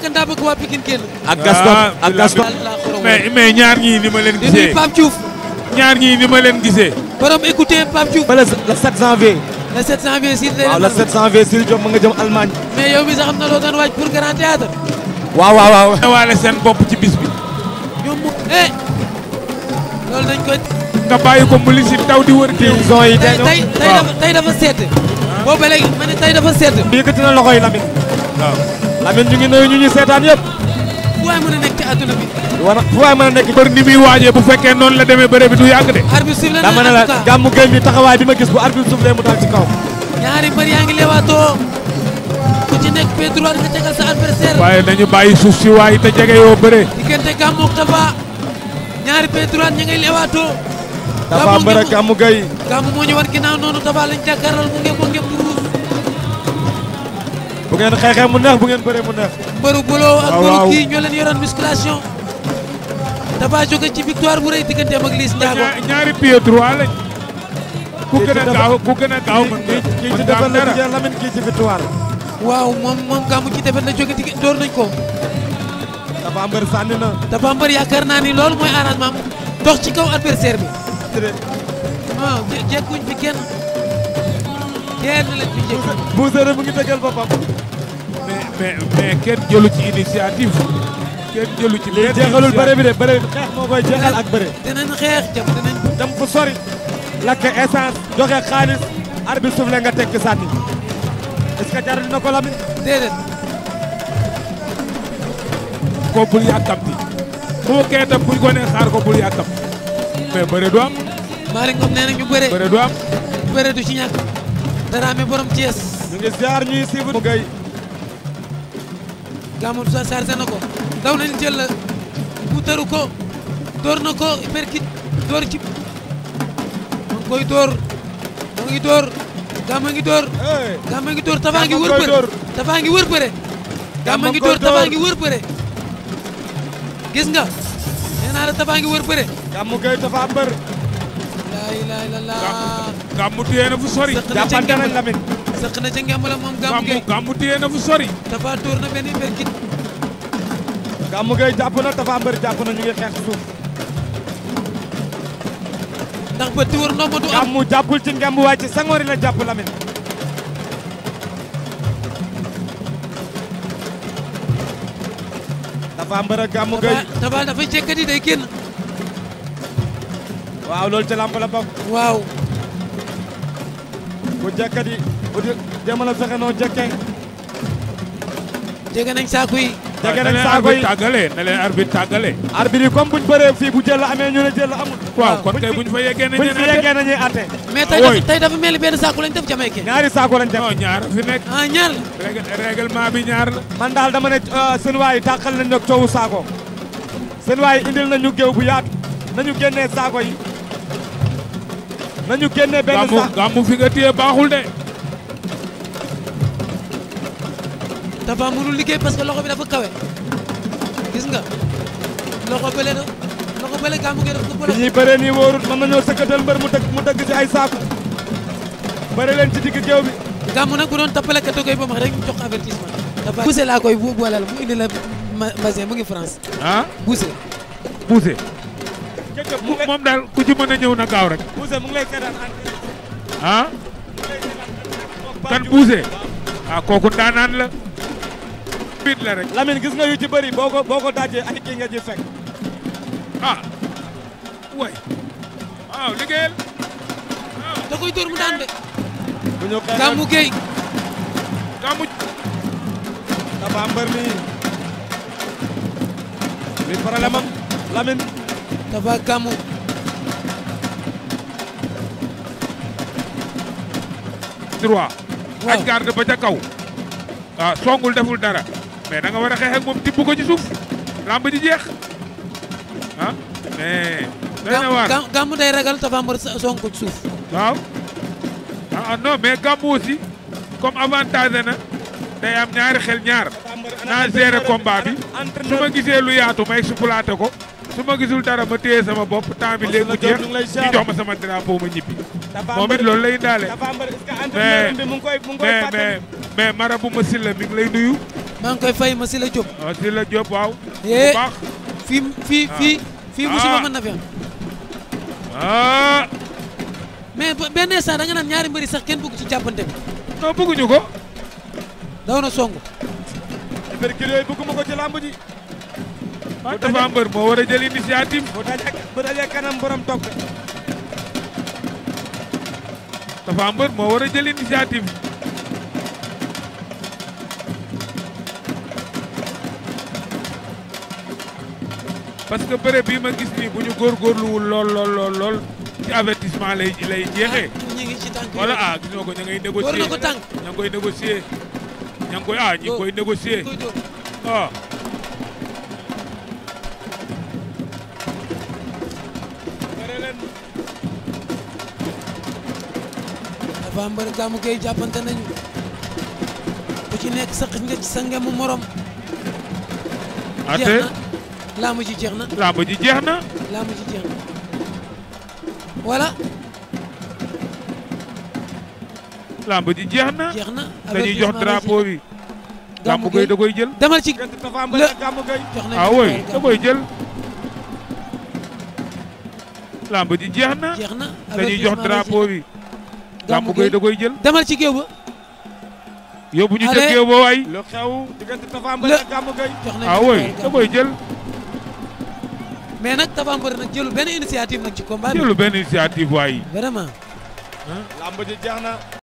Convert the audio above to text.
que daa ah, ñaar ñii ni ma leen gisee ñaar ñii ni ma leen gisee. borom écoutez Pape Diouf. ba le 7 janvier. le 7 janvier si lay. waaw le 7 janvier si jom waaw waaw waaw. ñu seen bopp ci bis bi. ñoom mu eh. loolu dañ ko. nga bàyyi ko mu li si taw di wër. prison yi tey tey dafa tey dafa seet. boobu ba léegi ma ne tey dafa seet. yëkkati na loxo yi Lamine Lamine ñu ngi nuyu ñu ñu seetaan yëpp. fu waay mën ci àdduna bi. war fu waay mën a ni muy waajee bu fekkee noonu la demee bëre bi du yàgg de. arbitre sifflé dama ne la gàmmu gën bi taxawaay gis bu mu ci kaw. ñaari ngi ku ci nga sa adversaire. nañu te jege yoo bëre. diggante gàmmu ak ñaari pied gay. ñu war ginnaaw noonu Tapha lañ jàkkaarloo mu ngeekoo ngeen xeexee mu neex bu ngeen bëree mu neex. mbëru Golo ak mbëru kii ñoo leen yoroon musculation. dafa jóge ci victoire bu rëy digganteem ak Liss Ndiago. ñaari pieds droit lañ. ku gën a gaaw ku gën a gaaw mën kii ci defar la ci Lamine kii ci victoire waaw moom moom gàmmu ci defar na jóge ci door nañ ko. dafa mbër sànni na. dafa mbër yaakaar naa ni loolu mooy arrangement dox ci kaw adversaire bi. waaw jekkuñ fi kenn kenn lañ fi jekkuñ. Boucher mais mais mais kenn jëlu ci initiative. kenn jëlu ci benn jeexalul bëre de bëre xeex moo koy jeexal ak bëre. dinañ xeex jëm dinañ. na ko la. déedéet. ko bul yàkkamti. bu mu kee tam ko nee xaar ko bul yàkkamti. mais bëre du am. Malick Ngom nee na ñu bëre. bëre du ci ñàkk. dara mi borom Thiès. ñu ngi ziar ñuy suivre. Guèye. Lamoune Sarr chargé na ko daw nañ jël la mu tëru ko door na ko perkit door ci ma ngi koy door ma ngi door Gama ngi door Gama ngi door Tapha ngi wër bëre Tapha ngi wër bëre Gama ngi door Tapha ngi wër bëre gis nga nee naa la Tapha ngi wër bëre Gamou Gueye Tapha mbër laa ilaaha illallaah Gamou téye na fu sori jàppante nañ Lamine sëq na ca ngemb la moom Gamou Gueye Gamou téye na fu sori Tapha dóor na benn mberkit Gamou Gueye jàpp na Tapha mbër jàpp na ñu ngi xeex suuf ndax ba tiwar ndomb du am Gamou jàpp Lamine Tapha mbër ak Gamou Gueye Tapha dafay cekkati day génn waaw loolu ca làmb la bokk waaw ku jekkati bu di jamono fexe noo jekke jege nañ saako yi. jege nañ saako yi tàggale na leen arbitre tàggale. arbitre yi comme buñ bëree fii bu jël amee ñu ne jël amul. waaw kon kay buñ fa yeggee nañ leen atte buñ fi yeggee nañuy atte. mais tey dafa tey dafa mel ni benn saako lañ def jamay ke ñaari saako lañ def. non ñaar fi nekk. ah ñaar la. règlement bi ñaar la. man daal dama ne euh, seen waay yi tàqal nañ nag coowu saako. seen waay yi indil nañu géew bu yaatu nañu génnee saako yi. nañu génnee benn saako gàmmu gàmmu fi nga téye baaxul de Tapha mënul liggéey parce que loxo bi dafa kawe gis nga loxo bële na loxo bële gaa mu ngi def ko bële. ñuy bëree nii wóorut mën nañoo sëkkatal mbër mu mu dëgg ci ay saako bëri leen ci digg géew bi. gàmm nag bu doon tapale kat koy ba max rek jox avertissement. Tapha buuse laa koy buuse. buuse. daal ku ci mën a ñëw na gaaw rek. aa mu kan buuse. ah kooku ndaanaan la. biit rek. Lamine gis nga yu ci bëri boo ko boo ko dajee ak nga ci ah. way waaw liggéeyal. da koy dóor mu daan de. bu ñu xeexoon Gamou Gueye. Gamou. mi. muy problème am Lamine. dafa Gamou. droit. waaw aj garde ca kaw. ah deful dara. mais da nga war a xeex ak moom tibb ko ci suuf lamb ji jeex ah mais. day na waar gàmmu day ragal Tapha Mbeur song ko ci suuf. waaw ah, ah non mais gàmmu aussi comme avantage na day am ñaari xel ñaar naa gérer combat bi su ma gisee lu yaatu may supplanté ko su ma gisul dara ma téye sama bopp temps bi léegi mu jeex ñu jox ma sama drapeau ma ñibbi moom it loolu lay indaale mais mais marabu Masila mi ngi lay nuyu. maa ngi koy fay Masila Diop. Ah, Masila Diop waaw. Eh, bu fi fi ah. fi fi bu musiba ah. man na fi am. ah. mais ben essa da nga nan ñaari mbeuri sax kenn bëgg ci jappante bi. non bëgguñu ko. daw na songu. mbër kilo yi bëgguma ko ci lamb ji. bu dafa am moo war a jël initiative. bu dajee bu dajee kanam borom toog. dafa am moo war a jël initiative. parce que bëre bii ma gis nii bu ñu góorgóorluwul lool lool lool lool ci avertissement lay lay jeexee. ñu ngi ci tànk voilà ah gis nga ko ña ngay négocier war koy négocier. ña koy ah ñi ngi ah. dafa am bëri gàmmu kay ku ci nekk saq nga ci sa ngemu morom. jeex làmb ji jeex na. làmb ji jeex na. làmb ji jeex na voilà. làmb jeex na. jeex na dañuy jox drapeau bi. gàmmu da koy jël. demal ci le ah oui da koy jël. làmb ji jeex na. jeex na dañuy jox drapeau bi. gàmmu da koy jël. demal ci géew ba. yóbbu bu ca géew ba waay. lu xew ah da koy jël. mais nag Tapha Mbeur nag jëlu benn initiative nag ci combat bi. jëlu benn initiative waaye. vraiment. làmb ji jeex na.